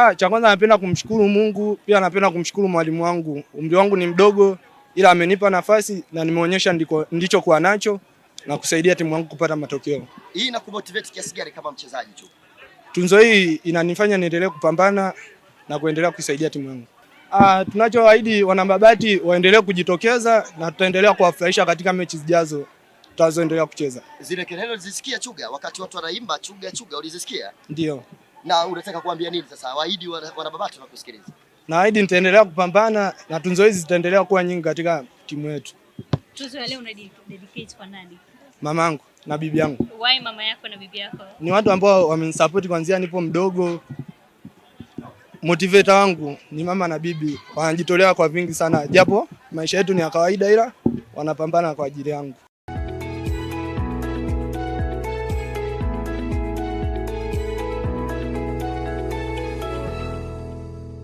Ah, cha kwanza napenda kumshukuru Mungu, pia napenda kumshukuru mwalimu wangu. Umri wangu ni mdogo, ila amenipa nafasi na nimeonyesha ndichokuwa nacho na kusaidia timu yangu kupata matokeo. Hii inakumotivate kiasi gani kama mchezaji tu? Tunzo hii inanifanya niendelee kupambana na kuendelea kusaidia timu yangu. Ah, tunachoahidi wanambabati waendelee kujitokeza na tutaendelea kuwafurahisha katika mechi zijazo tutazoendelea kucheza. Zile kelele zisikia Chuga wakati watu wanaimba Chuga Chuga ulizisikia? Ndio na unataka kuambia nini sasa? waidi wanababato na kusikiliza. Naahidi nitaendelea kupambana na tunzo hizi zitaendelea kuwa nyingi katika timu yetu. Tuzo ya leo una dedicate kwa nani? Mamangu na bibi yangu. Why mama yako na bibi yako? Ni watu ambao wamenisupport kwanzia nipo mdogo. Motivator wangu ni mama na bibi, wanajitolea kwa vingi sana, japo maisha yetu ni ya kawaida, ila wanapambana kwa ajili yangu.